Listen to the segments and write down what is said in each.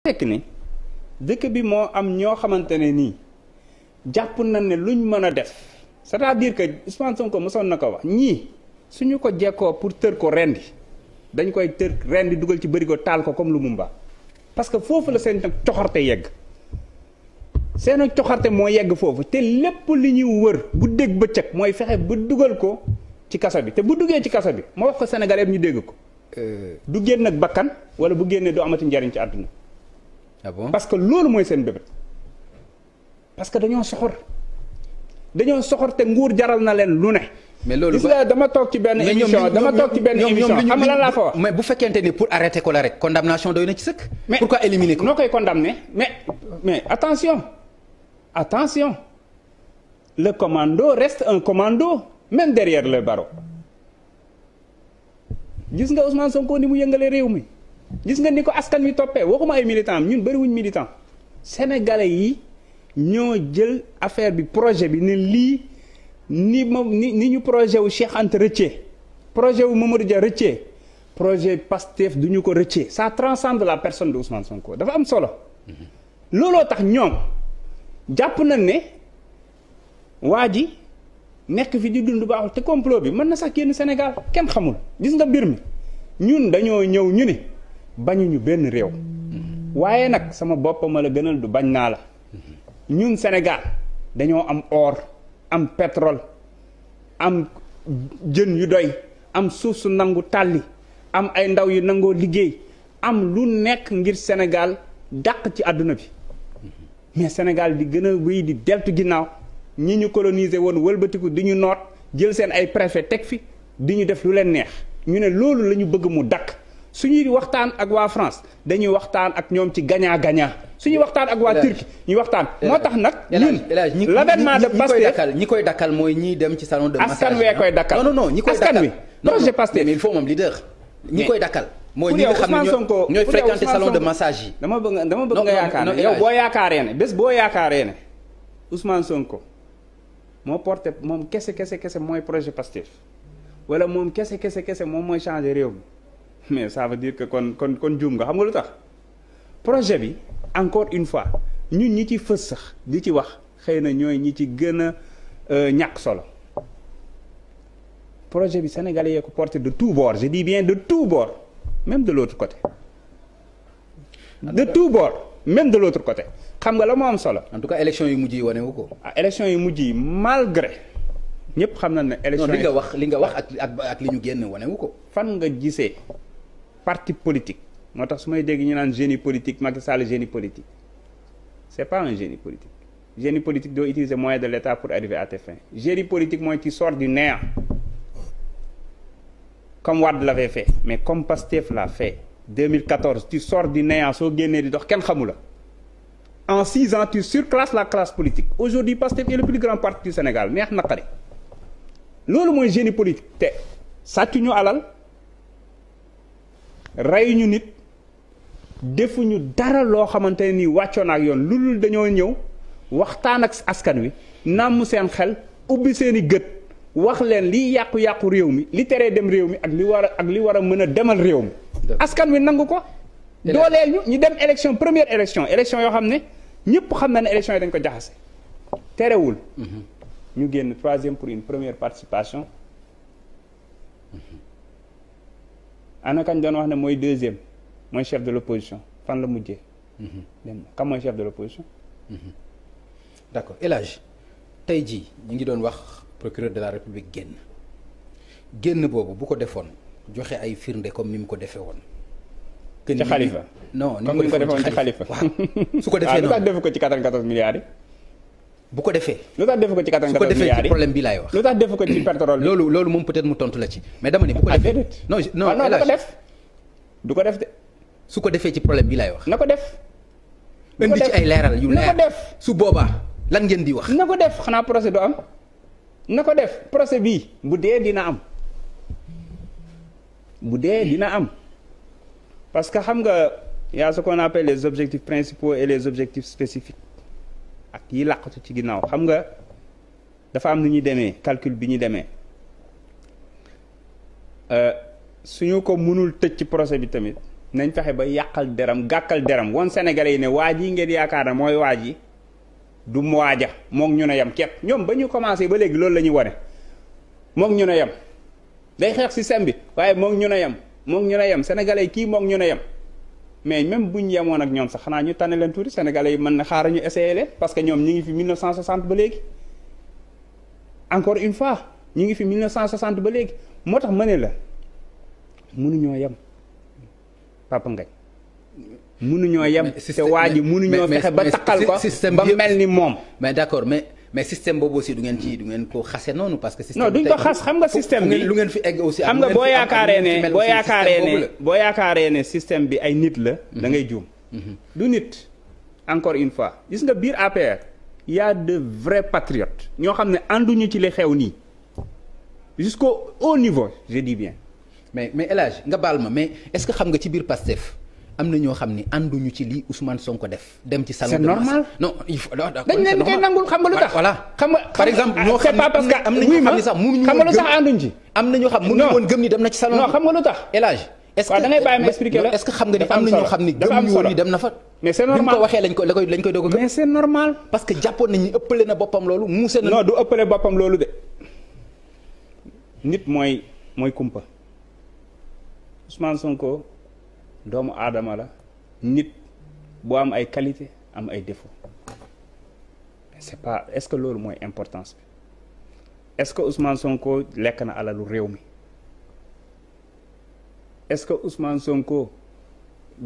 fekk ni dëkk bi moo am ñoo xamante ne nii jàpp nañ ne luñ mën a def c'est-à-dire que Ousmane Sonko mosoon na ko wax ñii suñu ko jekkoo pour tër ko rendi dañ koy tër rendi dugal ci bërigo taal ko comme Lumumba parce que foofu la seen coxarte yegg seen coxarte moo yegg foofu te lépp li ñuy wër bu guddeeg bëccëg mooy fexe ba dugal ko ci kaso bi te bu duggee ci kaso bi ma wax ko Sénégalais ñu dégg ko euh, du génn ak bakkan wala bu génnee du amati njariñ ci àdduna ah bon parce que loolu mooy seen bébét parce que dañoo soxor dañoo soxor te nguur jaral na leen lu ne. mais loolu dama toog ci benn émission dama toog ci benn émission xam lan laa fa wax. mais bu fekkente ni pour arrêter ko la rek condamnation doy na ci sëkk. mais pourquoi éliminer ko. noo koy condamner mais mais attention attention le commando rest un commando même derrière le barreau gis nga Ousmane Sonko ni mu yëngalee réew mi. gis nga ni ko askan wi toppee waxuma ay militan am ñun bëriwuñ militant sénégalais yi ñoo jël affaire bi projet bi ni lii ni ma ni ni ñu projet wu Cheikh Anta rëccee projet wu Mamadou Dia rëccee projet Pastef du ñu ko rëccee ça de la personne de Ousmane Sonko dafa am solo looloo tax ñoom jàpp nañ ne waa ji nekk fi di dund baaxul te complot bi mën na sax génn Sénégal kenn xamul gis nga mbir mi ñun dañoo ñëw ñu ni bañuñu benn réew waaye nag sama boppam la gënal du bañ naa la ñun Sénégal dañoo am or am pétrole am jën yu doy am suuf su nangu tàlli am ay ndaw yu nangoo liggéey am lu nekk ngir Sénégal dàq ci àdduna bi mais Sénégal di gën a wéy di deltu ginnaaw ñi ñu coloniser woon wëlbatiku di ñu noot jël seen ay préfet teg fi di ñu def lu leen neex ñu ne loolu la ñu bëgg mu dakk suñuy waxtaan ak waa France dañuy waxtaan ak ñoom ci gagnant gagnant suñuy waxtaan ak waa Turquie ñuy waxtaan moo tax nag ñun l'avènement de Pastef ñi koy dakkal mooy ñi dem ci salon de massage koy dakkal non non ñi koy dakkal askan wi projet Pastef mais il faut moom leader ñi koy dakkal mooy ñi nga xam ne ñoo ñooy fréquenter salon de massage yi dama bëgg dama bëgg nga yaakaar ne yow boo ne bés boo yaakaaree ne Ousmane Sonko moo porte moom kese kese kese mooy projet Pastef wala moom kese kese kese moom mooy changer réew mi mais ça veut que kon kon kon juum nga xam nga lu tax projet bi encore une fois ñun ñi ci fës sax di ci wax xëy na ñooy ñi ci gën a euh, ñàkk solo projet bi sénégalais yee ko porté de tout boor je di bien de tout bord même de l'autre côté de tout boor même de l'autre côté xam nga la mu am solo. en tout cas élection yu mujj yi wane wu ko. ah élection yu mujj yi malgré ñëpp xam na ne. élection yi non li nga wax li nga wax ak ak li ñu génn wane ko. fan nga gisee parti politique moo tax su may dégg ñu naan génie politique Macky Sall génie politique c'est pas un génie politique génie politique doit utiliser moyen de l'État pour arriver à tes génie politique mooy qui sort du néant comme Wade l'avait fait mais comme Pastef l'a fait 2014 tu sors du néant soo génnee di dox kenn xamu la en six ans sur surclasses la classe politique aujourd'hui Pastef est le plus grand parti du Sénégal neex naqari loolu mooy génie politique te sàccuñu alal rey ñu nit defuñu dara loo xamante ne nii wàccoon ak yoon lu dul dañoo ñëw waxtaan ak askan wi nàmm seen xel ubbi seen i gët wax leen liy yàqu-yàqu réew mi li teree dem réew mi ak li war a ak li war a mën a demal réew mi. askan wi nangu ko. dooleel ñu ñu dem élection première élection élection yoo xam ne ñëpp xam na ne élection yi dañ ko jaxase terewul. Mhm. ñu génn troisième pour une première participation. Mhm. ana kañ doon wax ne mooy deuxième mooy chef de l'opposition fan la mujjee. Mhm. dem kam mooy chef de l'opposition. Mhm. d'accord El Hadj tey jii ñu ngi doon wax procureur de la république génn génn boobu bu ko defoon joxe ay firnde comme ni mu ko defee woon. ci xalifa non ni mu ko defoon ci xalifa. su ko defee noonu ah, waaw lu tax ko ci 94 milliards bu ko defee. lu tax defu ko ci 94 milliards yi su ko defee ci problème bi laay wax. lu tax defu ko ci pétrole bi. loolu loolu moom peut-être mu tontu la ci mais dama ne bu ko ah, defee. non non ah, non du ko def. du ko def de. su ko defee ci problème bi laay wax. na ko def. indi ci ay leeral yu leer na ko def. su boobaa lan ngeen di wax. na ko def xanaa procès du am. na ko def procès bii bu dee dina am. bu dee dina am. parce que xam nga y a ce qu'on appelle les objectifs principaux et les objectifs spécifiques. ak yi làqatu ci ginnaaw xam nga dafa am nu ñuy demee calcul bi ñu demee euh, suñu ko mënul tëj ci procès bi tamit nañ fexe ba yàqal deram gàkkal deram woon Sénégalais yi ne waaj yi ngeen yaakaar na mooy waaj yi du mu waaja moog ñu ne yem képp ñoom ba ñu commencé ba léegi loolu la ñuy wane moog ñu ne yem day xeex système bi waaye moog ñu ne yem moog ñu ne yem sénégalais kii moog ñu ne yem. mais même bu ñu yemoon ak ñoom sax xanaa ñu tànn leen tuuti sénégalais yi mën na xaaral ñu essayé leen parce que ñoom ñu ngi fi 1960 ba léegi encore une fois ñu ngi fi 1960 ba léegi moo tax ma ne la mënuñoo yem Papa Ngagne mënuñoo yem. te waa ji mënuñoo fexe ba takkal ko ba mel ni moom. mais d'accord mais. mais système boobu aussi du ngeen ci du ngeen ko xase noonu parce que. système non duñ ko ngeen fi egg aussi. xam nga boo yaakaaree ne boo yaakaaree ne boo yaakaaree ne système bi ay nit la. da ngay juum. Mhm. du nit encore une fois gis nga biir APR ya de vrai patriotes ñoo xam ne ànduñu ci li xew nii jusqu'au haut niveau je dis bien. mais mais El Hadj nga baal ma mais est-ce que xam nga ci biir Pastef. am na ñoo xam ni ànduñu ci li Ousmane Sonko def. dem ci salon de masse c'est normal non dañ leen koy nangul xam nga lu tax. voilà xam nga lu ah, tax am na ñoo xam ni dem ci salon. non xam nga lu tax élage est-ce que am na ñoo xam ne gëm ñu woon ni dem na fa. mais c'est normal bi a. mais que jàppoon nañu ëppale na boppam loolu muuse na. non du ëppale boppam loolu de nit mooy mooy kumpa Ousmane Sonko doomu aadama la nit bu am ay qualité am ay défaut c'est pas est-ce que loolu mooy importance bi est-ce que Ousmane Sonko lekk na alalu réew mi est-ce que Ousmane Sonko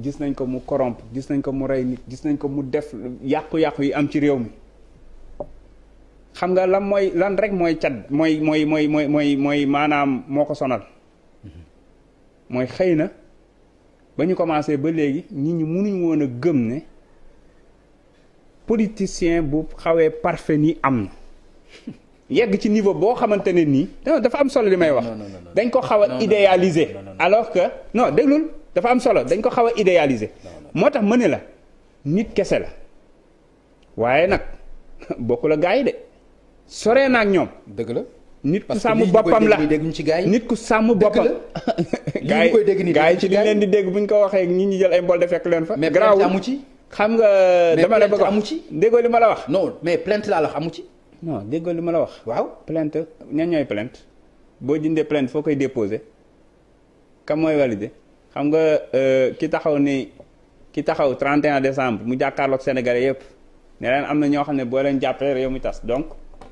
gis nañ ko mu corrompre gis nañ ko mu rey nit gis nañ ko mu def yàqu-yàqu yi am ci réew mi xam nga lan mooy lan rek mooy cat mooy mooy mooy mooy mooy mooy maanaam moo ko sonal mhm. mooy xëy na ba ñu commencé ba léegi nit ñi mënuñ woon a gëm ne politicien bu xawee parfait nii am na yegg ci niveau boo xamante ne nii dafa am solo li may wax dañ ko xaw a idéaliser alors que non déglul dafa am solo dañ ko xaw a idéaliser moo tax ma ne la nit kese la waaye nag bokku la gars yi de soree ak ñoom dëgg la nit ku sàmm boppam la nit ku sàmm boppam. gaa yi gaa yi ci li leen di dégg bu ñu ko waxee ñi ñu jël ay mbool de fekk leen fa. garaawul mais amu ci. xam nga dama la amu ci. déggoo li ma la wax. non mais plainte laa la ci. non ma la wax. waaw plainte ñan ñooy plainte boo jëndee plainte foo koy déposé kam mooy validé xam nga euh, ki taxaw ni ki taxaw 31 décembre mu jàkkaarloog Sénégalais yëpp ne leen am na ñoo xam ne boo leen jàppee réew mi tas donc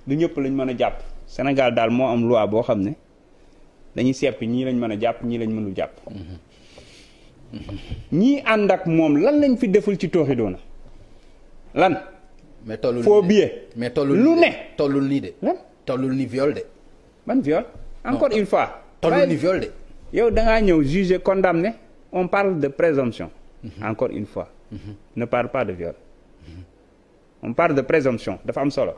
du ñëpp lañ mën a jàpp. Sénégal daal moo am loi boo xam ne dañuy sepp ñii lañ mën a jàpp ñii lañ mënul jàpp. Mm-hmm. ñii ànd ak moom lan lañu fi deful ci tooxi doona lan. mais tollu faux billet mais tollul lu ne tollul nii de. lan tollul ni viol de. ban viol encore une fois. tollul ni viol de. yow da ñëw jugé condamné on parle de présomption. Mm-hmm. encore une fois. Mm-hmm. ne parle pas de viol. on parle de présomption dafa am solo.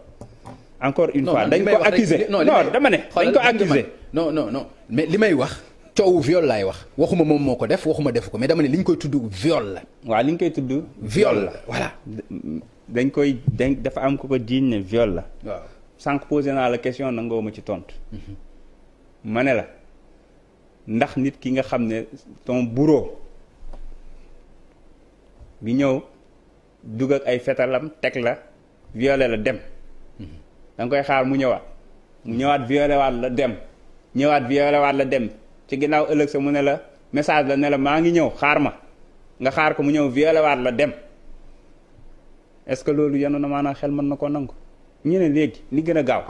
encore une fois dañ ko accuser non dama ne dañ ko accuser non non non mais li may wax coowu viol laay wax waxuma moom moo ko def waxuma def ko mais dama ne li ñu koy tudd viole la waaw li ñu koy tudd viole la voilà koy dañ dafa am ko ko jiiñ ne la waaw sànq posé naa la question nangoo ma ci tontu mhm. ma ne la ndax nit ki nga xam ne ton bourreau bi ñëw dugg ak ay fetalam teg la viole la dem danga koy xaar mu ñëwaat mu ñëwaat violé waat la dem ñëwaat violé waat la dem ci ginnaaw ëllëg sa mu ne la message la ne la maa ngi ñëw xaar ma nga xaar ko mu ñëw violé la dem est ce que loolu yenu na maanaam xel mën na koo nangu ñu ne léegi ni gën a gaaw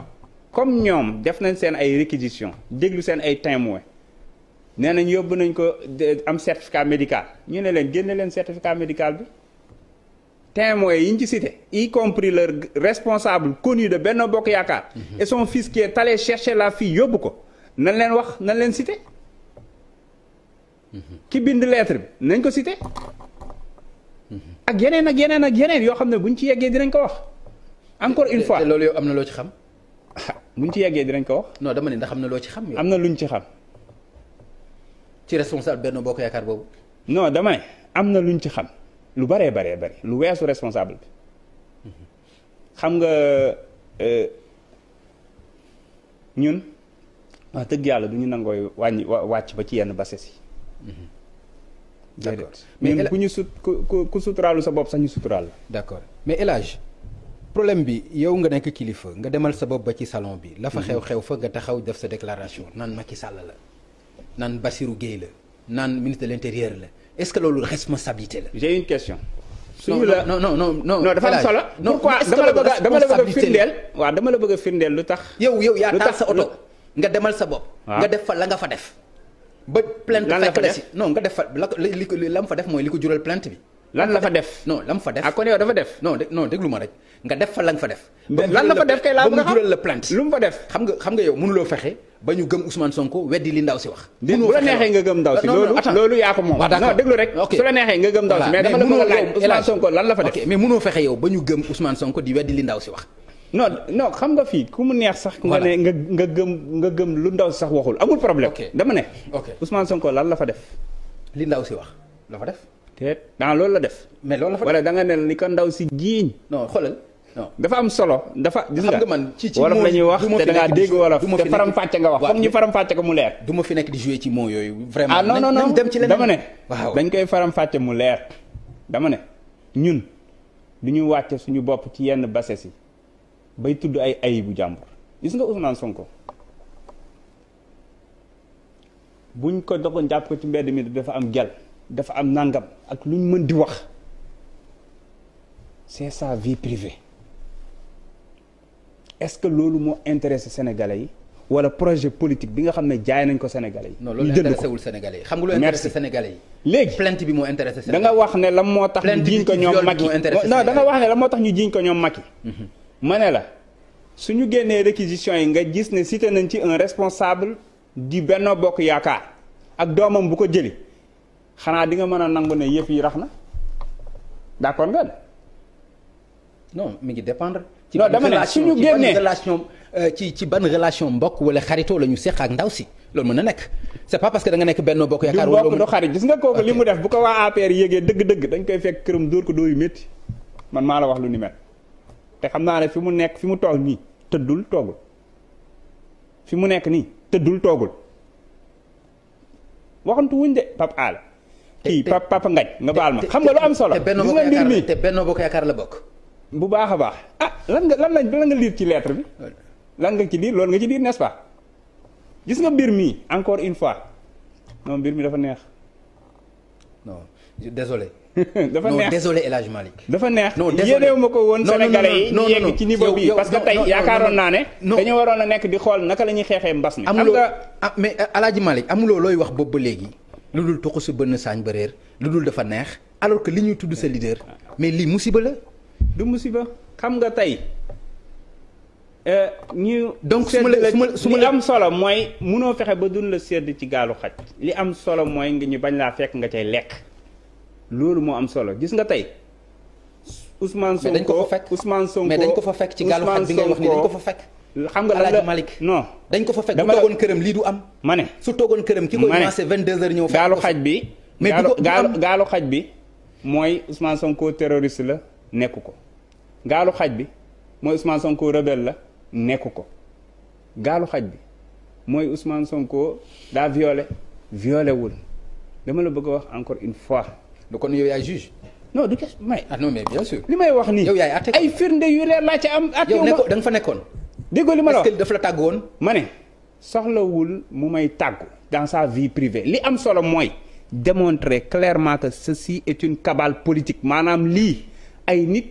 comme ñoom def nañ seen ay réquisition déglu seen ay témoin nee nañ yóbbu nañ ko am certificat médical ñu ne leen génne leen certificat médical bi témoins yi ñu ci cité y compris leur responsable connu de Benno Bokk Yaakaar mhm. et son fils qui est chercher la fille yóbbu ko nañ leen wax nan leen cité mhm. ki bind lettre bi nañ ko cité mhm. ak yeneen ak yeneen ak yeneen yoo xam ne buñ ci yeggee dinañ ko wax encore une fois loolu am na loo ci xam buñ ci yeggee dinañ ko wax noo dama ne ndax am na loo ci xam am na lu ñu ci xam ci responsable Benno Bokk Yaakaar boobu non dama ne am na lu ñu ci xam lu bëree bëree bëri lu weesu responsable bi xam nga euh, ñun wax tëgg yàlla du ñu nangooy wàññi wàcc ba ci yenn bases yi d'accord mais ñun ku ñu sut ku ku suturaalu sa bopp sax ñu suturaal la d'accord mais El Hadj problème bi yow nga nekk kilifa nga demal sa bopp ba ci salon bi la fa mhm. xew-xew fa nga taxaw def sa déclaration naan Macky Sall la naan Bassirou géey la naan ministre de l'intérieur la est-ce que loolu responsabilité la. j'ai une question. suñu la non non non non dafa am solo. pourquoi dama la bëgg dama la bëgg a firndeel. waaw dama la lu tax. yow yow yaa taal sa oto nga demal sa bopp. nga def fa la nga fa def. ba plainte fekk la si nga def fa la li ko la mu fa def mooy li ko jural plainte bi. lan la fa def non la fa def. ah kon dafa def. non de non déglu ma rek nga def fa la nga fa def. lan la fa def kay laa bëgg a xam def xam nga xam nga yow mënuloo fexe ba ñu gëm usman Sonko weddi li ndaw si wax. mënoo fexe bu nga gëm ndaw si. loolu loolu a laaj Ousmane Sonko lan la fa def. ok mais mënoo fexe yow ba ñu gëm Ousmane Sonko xam nga fii ku neex sax. nga ne nga nga gëm nga gëm lu ndaw si sax waxul amul problème. dama ne. ok Ousmane Sonko lan la fa def. li ndaw si wax la fa def. te dans loolu la def. mais loolu la fa da nga ne li ko ndaw si jiiñ. non xoolal dafa am solo dafa gis nga man ci ci wolof la ñuy wax te da ngaa dégg wolof te faram-fàcce nga wax comme ñu faram-fàcce ko mu leer du ma fi nekk di jouer ci mots yooyu vraiment ah non non non dem ci leneen dama ne waaw dañ koy faram-fàcce mu leer dama ne ñun du ñu wàcce suñu bopp ci yenn base yi bay tudd ay ayibu jàmbur gis nga Ousmane Sonko buñ ko dogoon jàpp ko ci mbedd mi dafa am gel dafa am nangam ak luñ mën di wax c'est sa vie est-ce que loolu moo intéressé sénégalais yi wala projet politique bi nga xam ne jaay nañ ko sénégalais yi. non loolu intéressé wul sénégalais yi xam nga lu intéressé sénégalais yi. léegi plainte bi moo intéressé sénégalais da nga wax ne lan moo tax. ñu jiiñ ko ñoom Macky non da nga wax ne lan moo tax ñu jiiñ ko ñoom Macky. ma ne la suñu génnee réquisition yi nga gis ne cité nañ ci un responsable di benn Bokk Yaakaar ak doomam bu ko jëli xanaa di nga mën a nangu ne yëpp yi rax na d'accord nga. non mi ngi dépendre. ci non dama ne suñu génnee euh, ci ci ban relation mbokk wala xaritoo la ñu seq ak ndaw si loolu mën na nekk c'est pas parce que da nga nekk benn bokk yaakaar wala mbokk do xarit gis nga li mu def bu ko waa APR yéegee dëgg dañ koy fekk këram dóor ko dóor yu métti man maa wax lu ni mel xam naa ne fi mu nekk fi mu toog nii tëddul toogul fi mu nekk nii tëddul toogul waxantu wuñ de Pape Alé kii Pape Ngagne nga baal ma xam nga lu am solo gis nga mbir mi te Benno Bokk Yaakaar la bokk bu baax a baax ah lan nga lan lañ lan nga liir ci lettre bi lan nga ci liir loolu nga ci liir n'est-ce pas gis nga mbir mi encore une fois non mbir mi dafa neex. non désolé. dafa neex non désolé El dafa neex yéenewu ma ko woon Sénégalais yi ñu yegg ci niveau bi parce que tey yaakaaroon naa ne. dañu waroon a nekk di xool naka la ñuy xeexee mbas mi. amuloo ah mais euh, El Hadj Malick amuloo looy wax boobu ba léegi. lu dul toxu si bënn saañ ba réer lu dul dafa neex alors que li ñuy tudd sa leader mais du musiba xam nga tey euh, ñu. donc su ma la su ma li am solo mooy munoo fexe ba dun la sedd ci gaalu xaj. li am solo mooy nga ñu bañ laa fekk nga cay lekk loolu moo am solo gis nga tey. Ousmane Sonko dañ ko fa fekk Ousmane Sonko mais dañ ko fa fekk ci gaalu xaj bi ngay wax ni fa fekk. xam nga Alaaji Malick non dañ ko fa fekk bu toogoon këram lii du am. ma ne su toogoon këram ki koy commencé 22h ñëw. gaalu xaj bi mais gaalu gaalu xaj bi mooy Ousmane Sonko la nekk ko. gaalu xaj bi mooy Ousmane Sonko rebelle la nekku ko gaalu xaj bi mooy Ousmane Sonko daa violé violé wul dama la bëgg a wax encore une fois. du kon yow yaay juge. non du question may. ah non mais bien sûr. li may wax nii yow yaay atte ay firnde yu leer laa ci am. ak yow nekkoon da nga fa nekkoon. déggoo li ma la wax daf la tàgg woon. ma ne soxlawul mu may tàggu. dans sa vie privée li am solo mooy démontrer clairement que ceci est une cabale politique maanaam lii ay nit.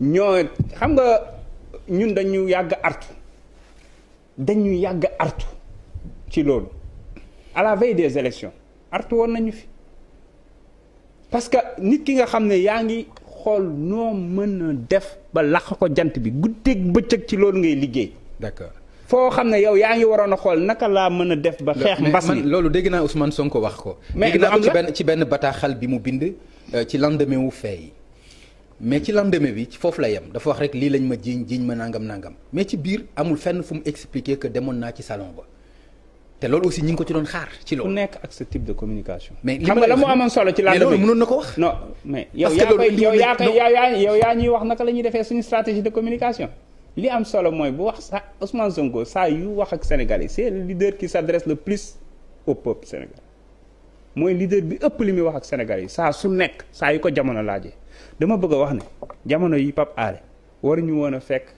ñoo xam nga ñun dañu yàgg artu dañu yàgg artu ci loolu à des élections artu woon nañu fi parce que nit ki nga xam ne yaa ngi xool noo mën a def ba laq ko jant bi guddeeg bëccëg ci loolu ngay liggéey. d'accord foo xam ne yow yaa ngi waroon a xool naka laa mën a def. ba xeex mbas mi loolu dégg naa Ousmane ko wax ko. mais dégg naa ko ci benn ci benn bataaxal bi mu bind euh, ci lendemain wu fee mais ci lendemain bi ci foofu la yem dafa wax rek lii lañ ma jiiñ jiiñ ma nangam nangam mais ci biir amul fenn fu mu expliquer que demoon naa ci salon ba te loolu aussi ñi ngi ko ci doon xaar ci loolu. ku nekk ak ce communication. mais xam nga la mu amoon solo ci lendemain bi na ko wax. non mais yow yaa yow yaa ñuy wax naka la ñuy defee suñu stratégie de communication. li am solo mooy bu wax sa Ousmane Sonko saa yu wax ak sénégal Sénégalais c'est le leader qui s'adresse le plus au peuple sénégalais. mooy leader bi ëpp li muy wax ak Sénégal yi saa su nekk saa yu ko jamono laajee dama bëgg wax ne jamono yi Pape war ñu woon a fekk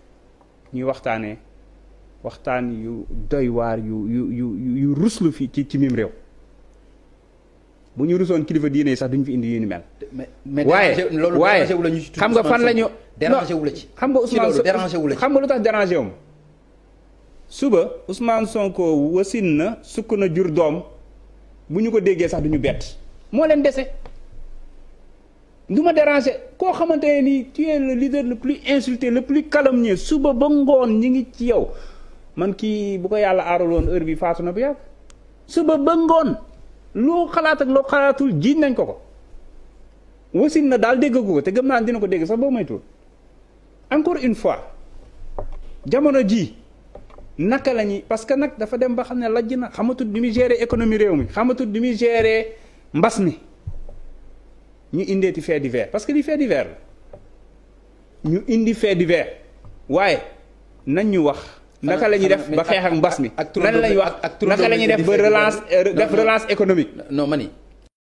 ñuy waxtaanee waxtaan yu doy waar yu yu yu yu ruslu fii ci ci mim réew bu ñu rusoon kilifa diine yi sax duñu fi indi yu ni mel. waaye waaye xam nga fan lañu ñu. la ci xam nga Ousmane xam nga lu tax dérangé wu suba Ousmane Sonko wasin na sukk na jur doom. bu ñu ko déggee sax du ñu bett moo leen dese du ma déranger koo xamante ne nii tu es le leader plus insulté le plus calomnié suba ba ngoon ñi ngi ci yow man kii bu ko yàlla aaraloon heure bi faatu na bu yàgg suba ba ngoon loo xalaat ak loo xalaatul jiiñ nañ ko ko wasin na daal dégg ko te gëm naa dina ko dégg sax boo moytuwul encore une fois jamono ji naka la ñuy parce que nag dafa dem ba xam ne lajj na xamatul ni muy gérer économie réew mi xamatul ni muy gérer mbas mi ñu indeeti fait divers parce que li fait divers la ñu indi fait divers waaye nañ ñu wax. naka la ñuy def ba xeex ak mbas mi. ak lan la ñuy wax naka la ñuy def ba relance def relance économique. non mani